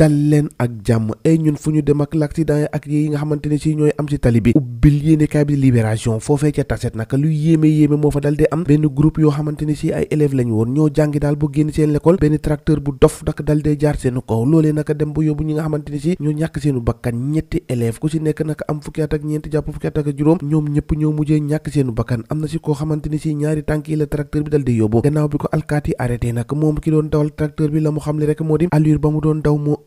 dal leen ak jàmm ay eh, ñun fu ñu dem ak l'accident yi ak yi nga xamante ne si ñooy am si tali bi ubbil yéenekaay bi libération foofee ca taset naka lu yéeme yéeme moo fa dal di am benn groupe yoo xamante ne si ay élèves lañ woon ñoo daal bu seen l'école benn tracteur bu dof naka dal dee jaar seenu kaw loolee naka dem ba yóbbu ñi nga xamante ne si ñoo ñàkk seenu bakkan ñetti élèves ku si nekk naka am fukki at ak ñeenti jàpp fukki at ak juróom ñoom ñëpp ñoo mujjee ñàkk seenu bakkan am na si koo xamante ne si ñaari tànk yi la tracteur bi dal di yóbbu gannaaw bi ko alkaati arrêté nag moom ki doon dawal tracteur bi la mu xamle rek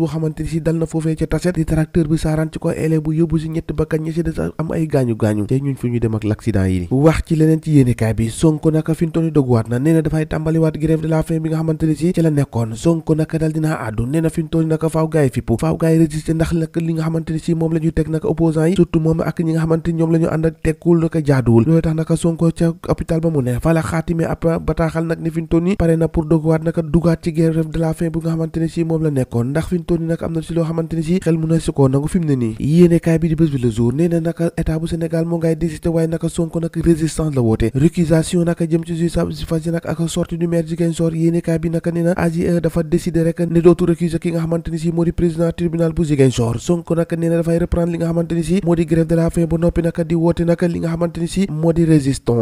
boo bu yóbbu si dal na fi yi fippu moom ak ñi nga xamante ñoom la ànd ak tekkul naka jaaduwul loolu tax naka Sonko ca hôpital ba mu ne fa xaatime ab bataaxal nag ne fi pare na pour doguwaat naka dugaat ci grève de la faim bi nga xamante si moom la nekkoon ndax fi fimu toll ni e dootu récuser ki nga xamante si moo di président tribunal bu Ziguinchor Sonko nag nee na dafay reprendre li nga xamante si moo di grève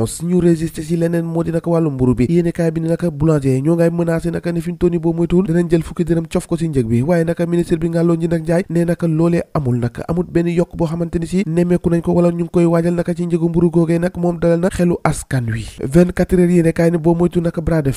si ñu résister si leneen moo di naka wàllu mburu bi yéenekaay bi ne naka boulanger ñoo ngay menacé naka ne fi mu toll nii boo danañ jël fukki dërëm cof ko si njëg bi waaye naka ministre bi ngàlloo nji nag njaay ne naka loolee amul naka amul benn yokk boo xamante ni si nemmeeku nañ ko wala ñu ngi koy waajal naka ci njëgu mburu googee nag moom boo moytu naka bras di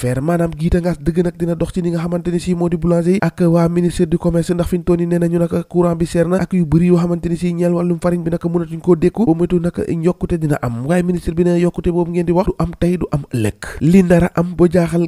boulanger yi ak waa ministère du commerce ndax fi ñu toll nañu naka courant bi seer na ak yu bëri yoo xamante si ñeel wàllum farine bi naka mënatuñ koo dékku boo moytu naka yokkute dina am waaye ministre bi ne yokkute boobu ngeen di wax du am tey du am ëllëg li ndara am ba jaaxal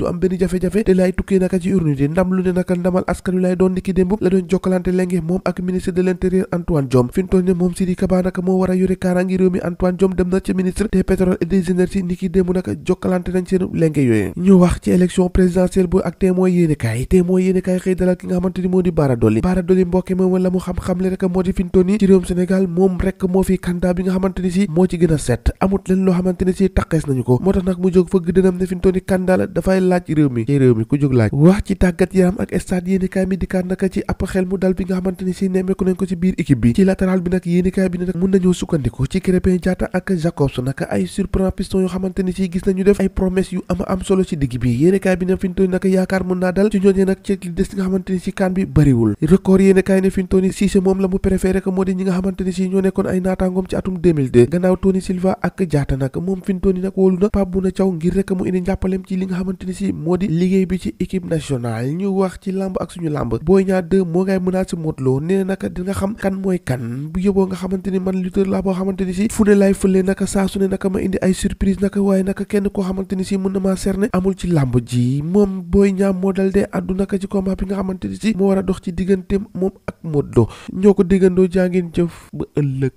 lépp du am benn jafe-jafe te laay tukkee naka ci urne di ndam lu ne naka ndamal askan lay doon niki démb la doon jokkalante lenge moom ak ministre de l'intérieur Antoine Diome fi mu toll ne moom naka moo war a yore kaaraangi réew mi Antoine Diome dem na ci ministre des pétrole et des niki démb naka jokkalante nañ seen lenge yooyu ñu wax ci élection présidentielle bu ak témoin yéenekaay témoin yéenekaay xëy dalal ki nga xamante ni moo nga xamante ni laaj réew mi ci réew mi ku jóg laaj wax ci tàggat yaram ak stade yéenikaay mi dikkaat naka ci ab xel mu dal bi nga xamante si nemmeeku moom la mu préféré ko moo di ñi nga xamante si ñoo nekkoon ay naataangoom ci atum 2002 gannaaw Tony Silva ak Diatta nag moom fintoon ni nag wóolu na Pape Bouna Thiaw ngir rek mu indi njàppalem ci li nga xamante si moo di liggéey bi ci équipe nationale ñu wax ci làmb ak suñu lamb Boy Niang 2 moo ngay menacé Modou Lo nee na naka dina xam kan mooy kan bu yóbboo nga xamante ni man lutteur laa boo xamante ni si fu ne laay fëlee naka saa su ne naka ma indi ay surprise naka waaye naka kenn koo xamante ni si mën na maa cerner amul ci lamb ji moom Boy Niang moo dal dee addu naka ci combat bi nga xamante ni si moo war a dox ci digganteem moom ak Modou Lo ñoo ko déggandoo jaa ngeen ba ëllëg